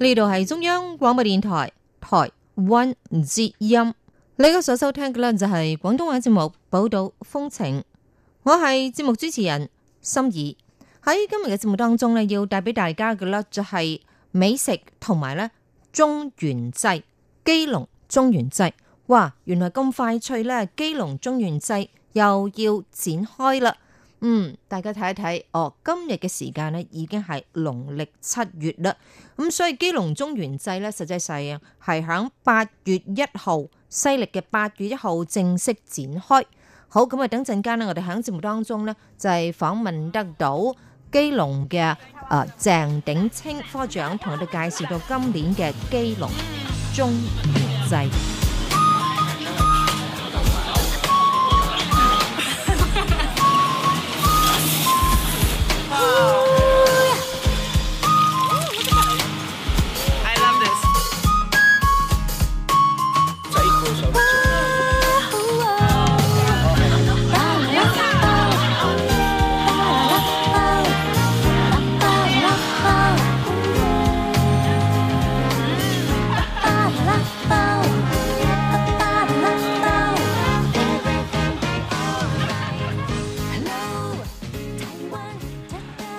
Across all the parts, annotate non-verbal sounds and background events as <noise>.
呢度係中央廣播電台台灣之音，你家所收聽嘅呢，就係廣東話節目《寶島風情》，我係節目主持人心儀。喺今日嘅節目當中呢，要帶俾大家嘅咧就係美食同埋呢，中元祭，基隆中元祭。哇，原來咁快脆呢，基隆中元祭又要展開啦！嗯，大家睇一睇哦，今日嘅時間咧已經係農曆七月啦，咁所以基隆中元祭呢，實際上啊係喺八月一號西曆嘅八月一號正式展開。好，咁啊等陣間呢，我哋喺節目當中呢，就係訪問得到基隆嘅誒鄭鼎清科長，同我哋介紹到今年嘅基隆中元祭。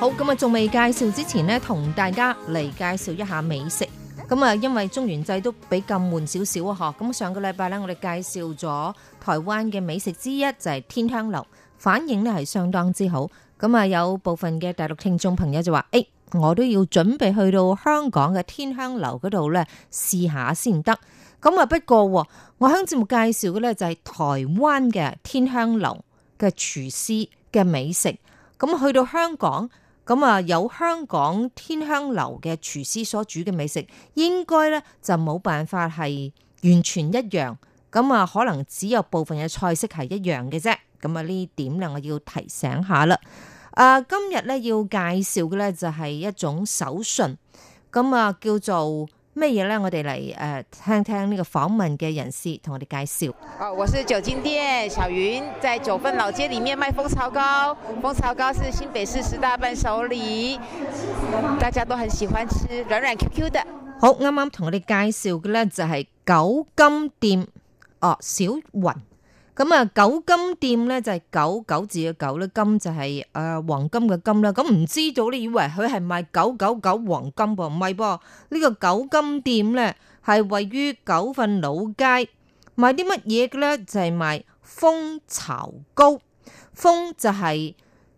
好咁啊，仲未介紹之前呢，同大家嚟介紹一下美食。咁啊，因為中元祭都比較悶少少啊，嗬。咁上個禮拜呢，我哋介紹咗台灣嘅美食之一就係、是、天香樓，反應呢，係相當之好。咁啊，有部分嘅大陸聽眾朋友就話：誒、哎，我都要準備去到香港嘅天香樓嗰度呢，試下先得。咁啊，不過我喺節目介紹嘅呢，就係台灣嘅天香樓嘅廚師嘅美食。咁去到香港。咁啊，有香港天香樓嘅廚師所煮嘅美食，應該咧就冇辦法係完全一樣。咁啊，可能只有部分嘅菜式係一樣嘅啫。咁啊，呢點咧我要提醒下啦。啊，今日咧要介紹嘅咧就係一種手信，咁啊叫做。咩嘢咧？我哋嚟誒聽聽呢個訪問嘅人士同我哋介紹。哦，我是九金店小云，在九份老街裏面賣蜂巢糕，蜂巢糕是新北市十大伴手禮，大家都很喜歡吃，軟軟 Q Q 的。好，啱啱同我哋介紹嘅咧就係九金店哦，小云。咁啊，嗯，九金店咧就係、是，九九字嘅九咧，金就係、是、誒、呃、黃金嘅金啦。咁、嗯、唔知道你以為佢係賣九九九黃金噃？唔係噃。呢、這個九金店咧係位於九份老街，賣啲乜嘢嘅咧？就係、是，賣蜂巢糕。蜂就係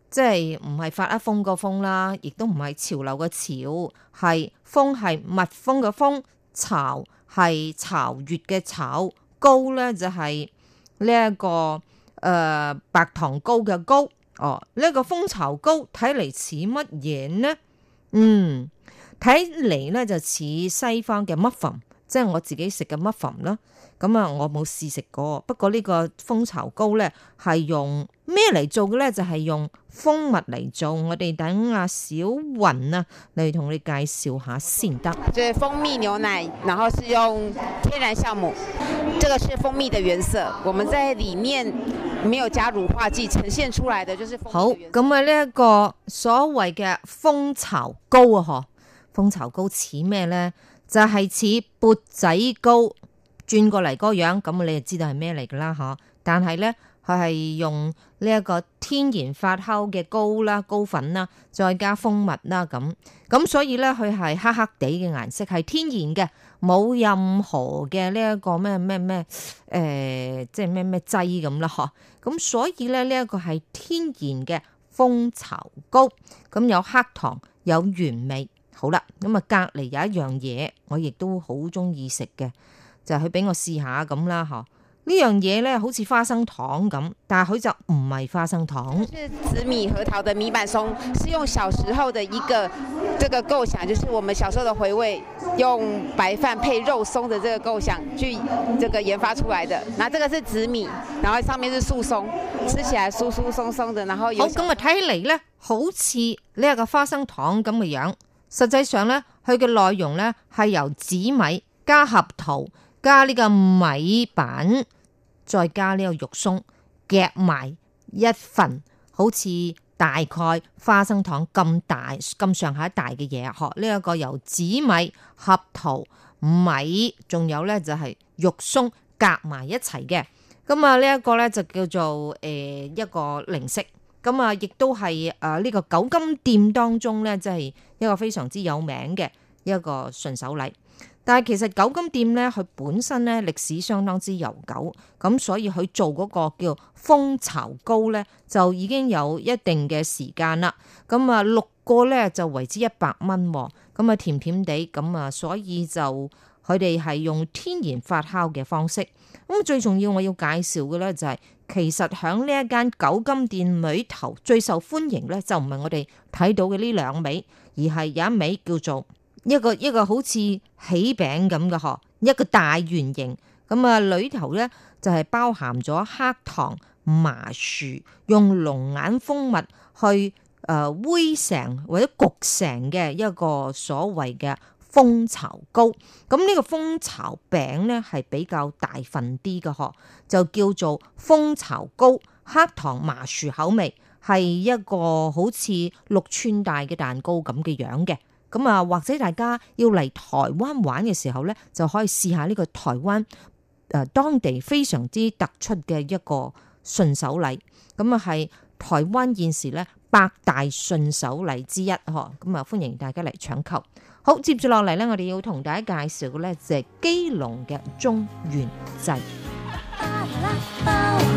即係唔係發一瘋個瘋啦，亦都唔係潮流嘅潮，係蜂係蜜蜂嘅蜂，巢係巢穴嘅巢，糕咧就係、是。呢一個誒白糖糕嘅糕哦，呢個蜂巢糕睇嚟似乜嘢呢？嗯，睇嚟咧就似西方嘅 muffin，即係我自己食嘅 muffin 咯。咁啊，我冇試食過。不過呢個蜂巢糕咧係用咩嚟做嘅咧？就係用蜂蜜嚟做。我哋等阿小云啊嚟同你介紹下先。得。即係蜂蜜牛奶，然後是用天然酵母。這個是蜂蜜的原色，我們在裏面沒有加乳化劑，呈現出來的就是蜂蜜的。蜂好，咁啊呢一個所謂嘅蜂巢糕啊，嗬，蜂巢糕似咩咧？就係似缽仔糕。轉過嚟嗰個樣，咁你就知道係咩嚟噶啦？吓，但係咧，佢係用呢一個天然發酵嘅膏啦，膏粉啦，再加蜂蜜啦，咁咁，所以咧佢係黑黑地嘅顏色，係天然嘅，冇任何嘅呢一個咩咩咩誒，即係咩咩劑咁啦。吓，咁所以咧呢一個係天然嘅蜂巢膏，咁有黑糖，有原味。好啦，咁啊，隔籬有一樣嘢，我亦都好中意食嘅。就去俾我試下咁啦，嗬，呢樣嘢咧好似花生糖咁，但係佢就唔係花生糖。紫米核桃的米板鬆，是用小時候的一個這個構想，就是我們小時候的回味，用白飯配肉鬆的這個構想去這個研發出來的。嗱，這個是紫米，然後上面是素鬆，吃起來酥酥鬆鬆的。然後咁，我睇起嚟咧，好似呢個花生糖咁嘅樣，實際上咧，佢嘅內容咧係由紫米加合桃。加呢個米餅，再加呢個肉鬆夾埋一份，好似大概花生糖咁大、咁上下一大嘅嘢。嗬，呢一個由紫米、合桃、米，仲有咧就係、是、肉鬆夾埋一齊嘅。咁啊，呢一個咧就叫做誒、呃、一個零食。咁啊，亦都係誒呢個九金店當中咧，即、就、係、是、一個非常之有名嘅一個順手禮。但係其實九金店咧，佢本身咧歷史相當之悠久，咁所以佢做嗰個叫蜂巢糕咧，就已經有一定嘅時間啦。咁啊六個咧就為之一百蚊喎，咁啊甜甜地，咁啊所以就佢哋係用天然發酵嘅方式。咁最重要我要介紹嘅咧就係、是，其實喺呢一間九金店裡頭最受歡迎咧，就唔係我哋睇到嘅呢兩味，而係有一味叫做。一個一個好似起餅咁嘅呵，一個大圓形，咁啊裏頭咧就係、是、包含咗黑糖麻薯，用龍眼蜂蜜去誒、呃、煨成或者焗成嘅一個所謂嘅蜂巢糕。咁、呃、呢、這個蜂巢餅咧係比較大份啲嘅呵，就叫做蜂巢糕黑糖麻薯口味，係一個好似六寸大嘅蛋糕咁嘅樣嘅。咁啊，或者大家要嚟台灣玩嘅時候呢，就可以試下呢個台灣誒、呃、當地非常之突出嘅一個順手禮。咁啊，係台灣現時呢百大順手禮之一呵。咁啊，歡迎大家嚟搶購。好，接住落嚟呢，我哋要同大家介紹咧就係、是、基隆嘅中元祭。 <music>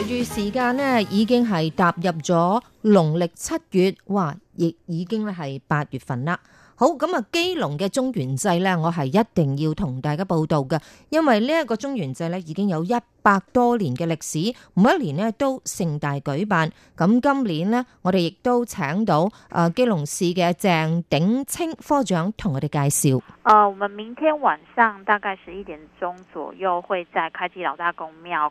隨住時間咧，已經係踏入咗農曆七月，哇！亦已經咧係八月份啦。好，咁啊，基隆嘅中元祭呢，我係一定要同大家報道嘅，因為呢一個中元祭咧已經有一百多年嘅歷史，每一年咧都盛大舉辦。咁今年呢，我哋亦都請到誒、啊、基隆市嘅鄭鼎清科長同我哋介紹。啊、呃，我哋明天晚上大概十一點鐘左右，會在開基老大公廟。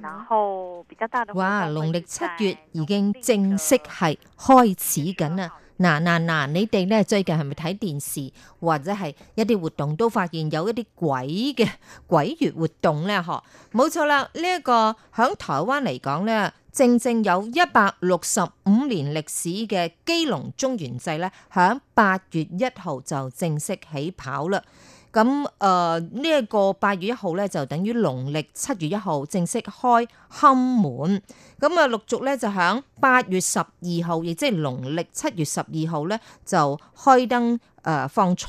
然後比較大哇，農曆七月已經正式係開始緊啦。嗱嗱嗱，你哋咧最近係咪睇電視或者係一啲活動都發現有一啲鬼嘅鬼月活動咧？嗬，冇錯啦。呢一個響台灣嚟講咧，正正有一百六十五年歷史嘅基隆中元祭咧，響八月一號就正式起跑啦。咁誒，呢一個八月一號咧，就等於農曆七月一號正式開龕門。咁啊，陸續咧就響八月十二號，亦即係農曆七月十二號咧就開燈誒、呃、放彩。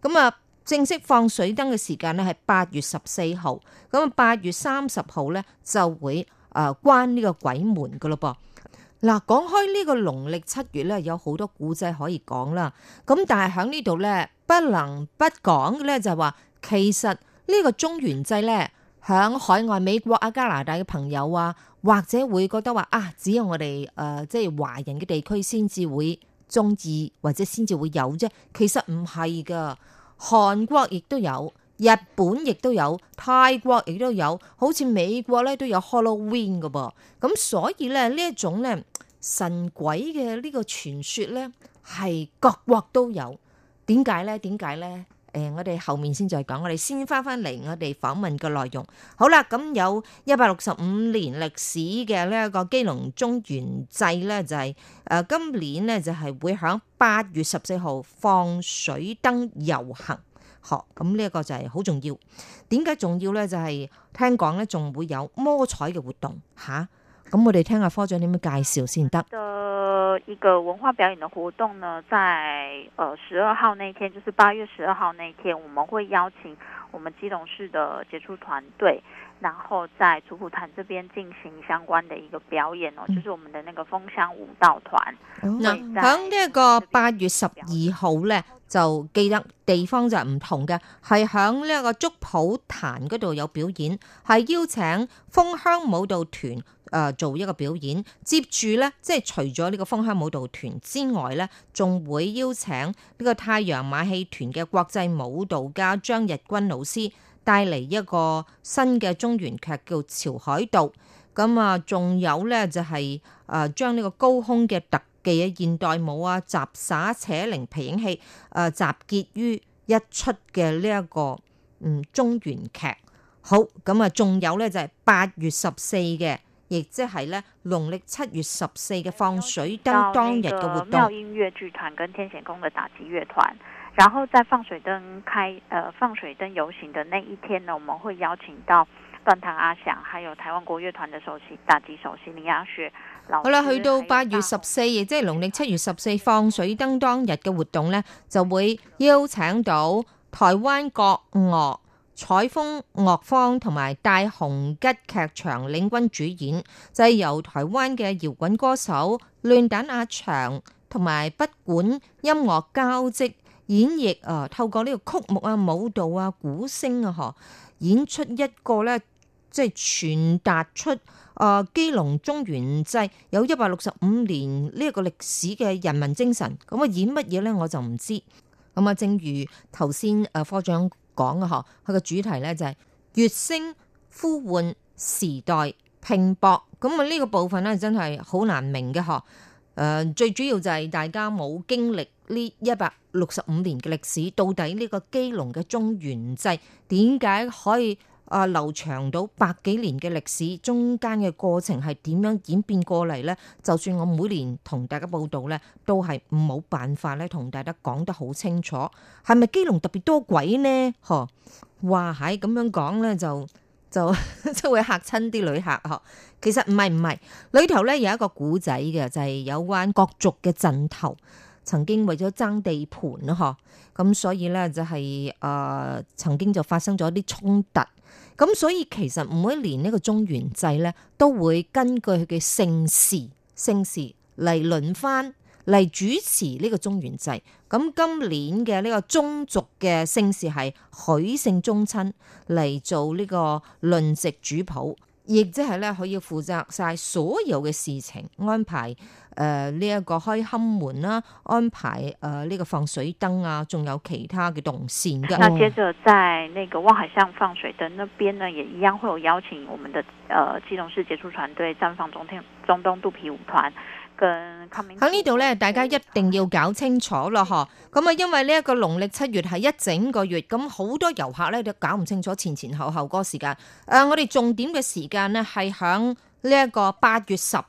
咁啊，正式放水燈嘅時間咧係八月十四號。咁啊，八月三十號咧就會誒關呢個鬼門噶咯噃。嗱，講開個農曆呢個農曆七月咧，有好多古仔可以講啦。咁但係喺呢度咧。不能不講嘅咧，就係話其實呢個中元祭咧，喺海外美國啊、加拿大嘅朋友啊，或者會覺得話啊，只有我哋誒即係華人嘅地區先至會中意，或者先至會有啫。其實唔係噶，韓國亦都有，日本亦都有，泰國亦都有，好似美國咧都有 Halloween 噶噃。咁所以咧呢一種咧神鬼嘅呢個傳說咧，係各國都有。點解咧？點解咧？誒、呃，我哋後面先再講，我哋先返返嚟我哋訪問嘅內容。好啦，咁有一百六十五年歷史嘅呢一個基隆中原祭中元祭咧，就係、是、誒今年咧就係、是、會響八月十四號放水燈遊行，好，咁呢一個就係好重要。點解重要咧？就係、是、聽講咧，仲會有摸彩嘅活動吓。咁我哋聽下科長點樣介紹先得。的一個文化表演嘅活動呢，在誒十二號那天，就是八月十二號那天，我們會邀請我們基隆市的傑出團隊，然後在主普壇這邊進行相關的一個表演哦，就是我們的那個風香舞蹈團。嗱、嗯，喺呢一個八月十二號咧，就記得地方就係唔同嘅，係喺呢一個主普壇嗰度有表演，係邀請風香舞蹈團，誒做一個表演，接住咧，即係除咗呢個芳香舞蹈團之外咧，仲會邀請呢個太陽馬戲團嘅國際舞蹈家張日軍老師帶嚟一個新嘅中元劇叫《潮海道》。咁、嗯、啊，仲有咧就係誒將呢個高空嘅特技嘅現代舞啊、雜耍、扯鈴、皮影戲誒，集結於一出嘅呢一個嗯中元劇。好咁啊，仲、嗯、有咧就係、是、八月十四嘅。亦即係咧，農曆七月十四嘅放水燈當日嘅活動。妙音樂劇團跟天顯宮嘅打擊樂團，然後在放水燈開，誒，放水燈遊行嘅那一天呢，我們會邀請到亂彈阿翔，還有台灣國樂團嘅首席打擊首席李雅樹。好啦，去到八月十四，亦即係農曆七月十四放水燈當日嘅活動咧，就會邀請到台灣國樂。采風樂坊同埋大紅桔劇場領軍主演，就係、是、由台灣嘅搖滾歌手亂彈阿翔同埋北管音樂交織演繹啊，透過呢個曲目啊、舞蹈啊、鼓聲啊，嗬，演出一個咧，即係傳達出啊基隆中元祭有一百六十五年呢一個歷史嘅人民精神。咁啊，演乜嘢咧，我就唔知。咁啊，正如頭先誒科長。講嘅嗬，佢個主題咧就係、是、月聲呼喚時代拼搏，咁啊呢個部分咧真係好難明嘅嗬。誒、呃，最主要就係大家冇經歷呢一百六十五年嘅歷史，到底呢個基隆嘅中元祭點解可以？啊，留長到百幾年嘅歷史，中間嘅過程係點樣演變過嚟咧？就算我每年同大家報道咧，都係冇辦法咧，同大家講得好清楚。係咪基隆特別多鬼咧？呵，哇！係咁樣講咧，就就即係 <laughs> 會嚇親啲旅客呵。其實唔係唔係，裏頭咧有一個古仔嘅，就係、是、有關各族嘅陣頭，曾經為咗爭地盤咯呵。咁所以咧就係、是、啊、呃，曾經就發生咗啲衝突。咁所以其實每一年呢個中元祭咧，都會根據佢嘅姓氏、姓氏嚟輪翻嚟主持呢個中元祭。咁今年嘅呢個宗族嘅姓氏係許姓宗親嚟做呢個輪值主普。亦即係咧，可以負責晒所有嘅事情，安排誒呢一個開龕門啦，安排誒呢、呃這個放水燈啊，仲有其他嘅動線嘅。那接着在那個望海巷放水燈那邊呢，也一樣會有邀請我們的誒基隆市傑出團隊綻放中天中東肚皮舞團。喺呢度咧，大家一定要搞清楚咯，嗬。咁啊，因為呢一個農曆七月係一整個月，咁好多遊客咧都搞唔清楚前前後後嗰個時間。誒，我哋重點嘅時間咧係響呢一個八月十二、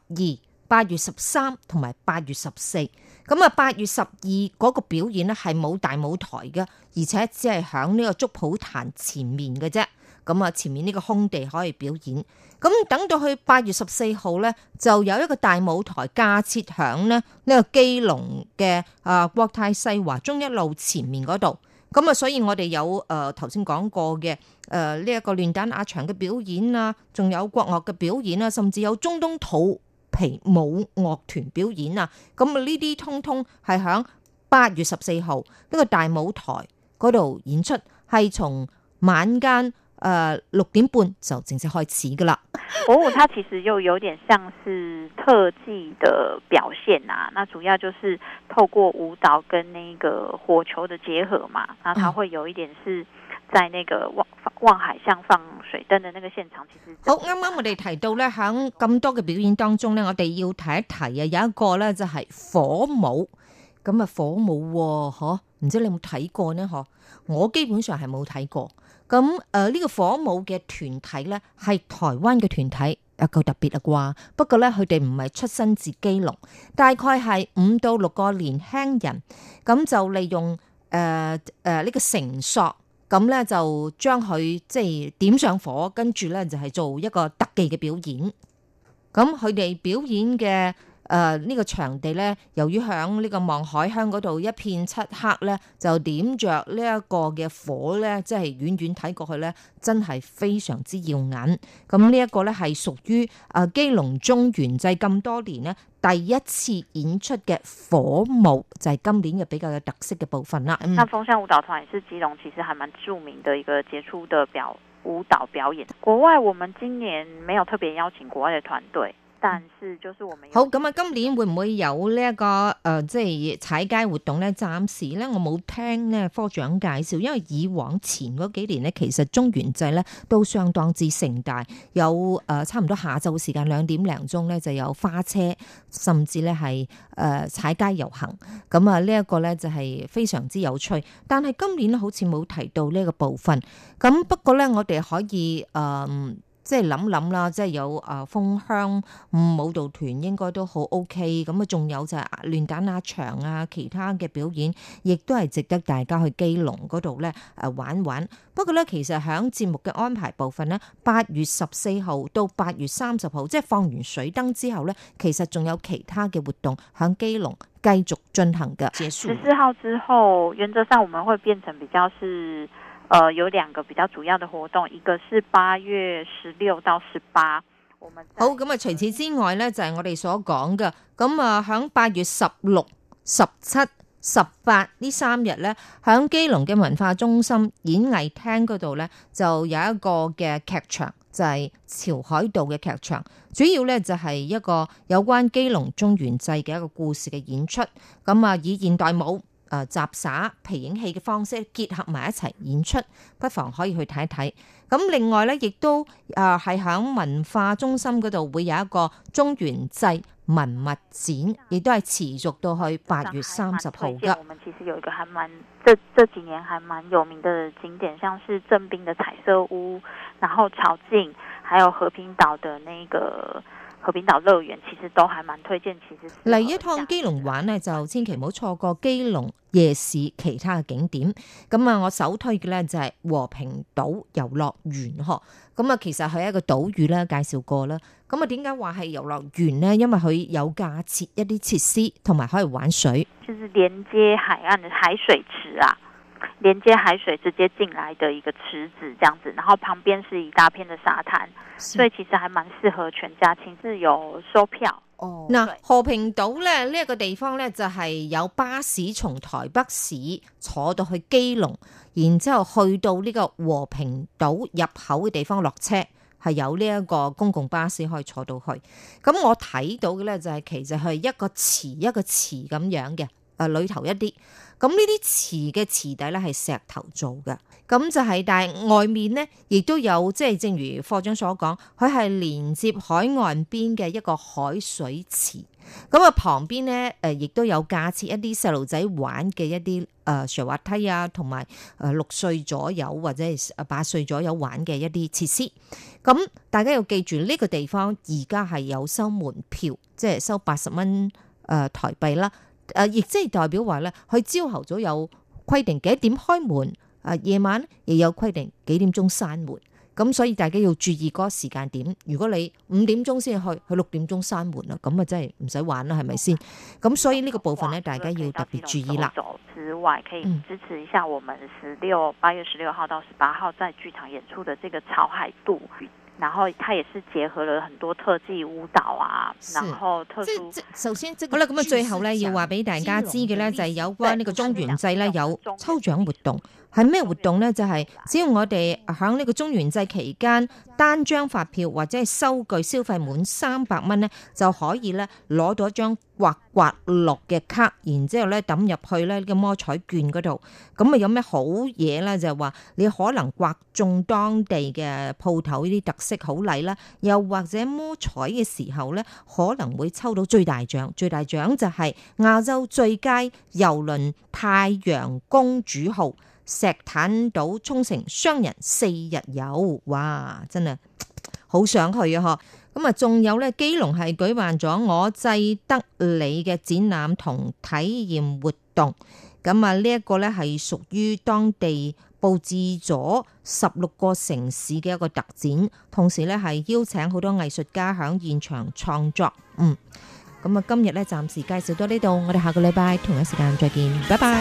八月十三同埋八月十四。咁啊，八月十二嗰個表演咧係冇大舞台嘅，而且只係響呢個主普壇前面嘅啫。咁啊，前面呢個空地可以表演。咁等到去八月十四號咧，就有一個大舞台架設響咧呢個基隆嘅啊國泰世華中一路前面嗰度。咁啊，所以我哋有誒頭先講過嘅誒呢一個亂彈阿翔嘅表演啊，仲有國樂嘅表演啊，甚至有中東肚皮舞樂團表演啊。咁啊，呢啲通通係響八月十四號呢個大舞台嗰度演出，係從晚間。誒，六、呃、點半就正式開始噶啦！火 <laughs> 舞，嗯，它其實又有點像是特技的表現啊。那主要就是透過舞蹈跟那個火球的結合嘛，那它會有一點是在那個望望海巷放水燈的那個現場，其實好。啱啱我哋提到咧，響咁多嘅表演當中咧，我哋要提一提啊，有一個咧就係火舞。咁啊火舞嗬，唔知你有冇睇過呢？嗬，我基本上係冇睇過。咁誒呢個火舞嘅團體咧，係台灣嘅團體，又夠特別啦啩。不過咧，佢哋唔係出身自基隆，大概係五到六個年輕人，咁就利用誒誒呢個繩索，咁咧就將佢即係點上火，跟住咧就係、是、做一個特技嘅表演。咁佢哋表演嘅。誒呢、呃這個場地咧，由於喺呢個望海鄉嗰度一片漆黑咧，就點着呢一個嘅火咧，即係遠遠睇過去咧，真係非常之耀眼。咁呢一個咧係屬於誒基隆中元祭咁多年咧第一次演出嘅火舞，就係今年嘅比較有特色嘅部分啦。那風象舞蹈團也是基隆，其實還蠻著名嘅一個傑出的表舞蹈表演。國外，我們今年沒有特別邀請國外嘅團隊。暫時就是我好咁啊！今年會唔會有呢、這、一個誒、即、呃、係、就是、踩街活動咧？暫時咧，我冇聽咧科長介紹，因為以往前嗰幾年咧，其實中元祭咧都相當之盛大，有誒、呃、差唔多下晝時間兩點零鐘咧就有花車，甚至咧係誒踩街遊行。咁啊，呢一個咧就係、是、非常之有趣。但係今年好似冇提到呢個部分。咁不過咧，我哋可以誒。呃即係諗諗啦，即係有誒、呃、風箱，舞，舞蹈團應該都好 O K。咁啊，仲有就係亂彈阿翔啊，其他嘅表演，亦都係值得大家去基隆嗰度咧誒玩玩。不過咧，其實喺節目嘅安排部分咧，八月十四號到八月三十號，即係放完水燈之後咧，其實仲有其他嘅活動喺基隆繼續進行嘅。十四號之後，原則上我們會變成比較是。有兩個比較主要的活動，一個是八月十六到十八，好咁除此之外呢，就係、是、我哋所講嘅，咁啊，響八月十六、十七、十八呢三日呢，響基隆嘅文化中心演藝廳嗰度呢，就有一個嘅劇場，就係、是、潮海道嘅劇場，主要呢，就係一個有關基隆中元祭嘅一個故事嘅演出，咁啊以現代舞。誒雜耍、皮影戲嘅方式結合埋一齊演出，不妨可以去睇一睇。咁另外呢，亦都誒係響文化中心嗰度會有一個中元祭文物展，亦都係持續到去八月三十號嘅。我哋其實有一個還蠻，這這幾年還蠻有名嘅景點，像是正濱嘅彩色屋，然後潮境，還有和平島的那個。和平島樂園其實都還蠻推薦，其實嚟一趟基隆玩咧，就千祈唔好錯過基隆夜市其他嘅景點。咁啊，我首推嘅咧就係和平島遊樂園嗬，咁啊，其實佢係一個島嶼啦，介紹過啦。咁啊，點解話係遊樂園咧？因為佢有架設一啲設施，同埋可以玩水。就是連接海岸嘅海水池啊。連接海水直接進來的一個池子，這樣子，然後旁邊是一大片的沙灘，嗎所以其實還蠻適合全家親子遊。是有收票哦，嗱對，和平島咧呢一、這個地方咧就係、是、有巴士從台北市坐到去基隆，然之後去到呢個和平島入口嘅地方落車，係有呢一個公共巴士可以坐到去。咁我睇到嘅咧就係、是、其實係一個池一個池咁樣嘅，誒、呃、裏頭一啲。咁呢啲池嘅池底咧係石頭做嘅，咁就係，但係外面咧亦都有，即係正如課長所講，佢係連接海岸邊嘅一個海水池。咁啊旁邊咧，誒亦都有架設一啲細路仔玩嘅一啲誒水滑梯啊，同埋誒六歲左右或者係八歲左右玩嘅一啲設施。咁大家要記住呢個地方而家係有收門票，即係收八十蚊誒台幣啦。誒，亦即係代表話咧，佢朝頭早有規定幾點開門，啊，夜晚咧亦有規定幾點鐘閂門，咁所以大家要注意嗰時間點。如果你五點鐘先去，佢六點鐘閂門啦，咁啊真係唔使玩啦，係咪先？咁、嗯、所以呢個部分咧，大家要特別注意啦。之外、嗯，可以支持一下我們十六八月十六號到十八號在劇場演出嘅這個《草海渡》，然後它也是結合了很多特技舞蹈啊。嗱，即即首先，好啦，咁啊，最後咧要話俾大家知嘅咧，就係有關呢個中元祭咧有抽獎活動，係咩是活動咧？就係、是、只要我哋喺呢個中元祭期間單張發票或者係收據消費滿三百蚊咧，就可以咧攞到一張。刮刮樂嘅卡，然之後咧抌入去咧呢、這個摸彩券嗰度，咁啊有咩好嘢咧？就係、是、話你可能刮中當地嘅鋪頭呢啲特色好禮啦，又或者摸彩嘅時候咧可能會抽到最大獎，最大獎就係亞洲最佳遊輪《太陽公主號》石坦島沖繩雙人四日遊，哇！真係好想去啊！嗬～咁啊，仲有咧，基隆係舉辦咗我制得你嘅展覽同體驗活動。咁啊，呢一個咧係屬於當地布置咗十六個城市嘅一個特展，同時咧係邀請好多藝術家響現場創作。嗯，咁啊，今日咧暫時介紹到呢度，我哋下個禮拜同一時間再見，拜拜。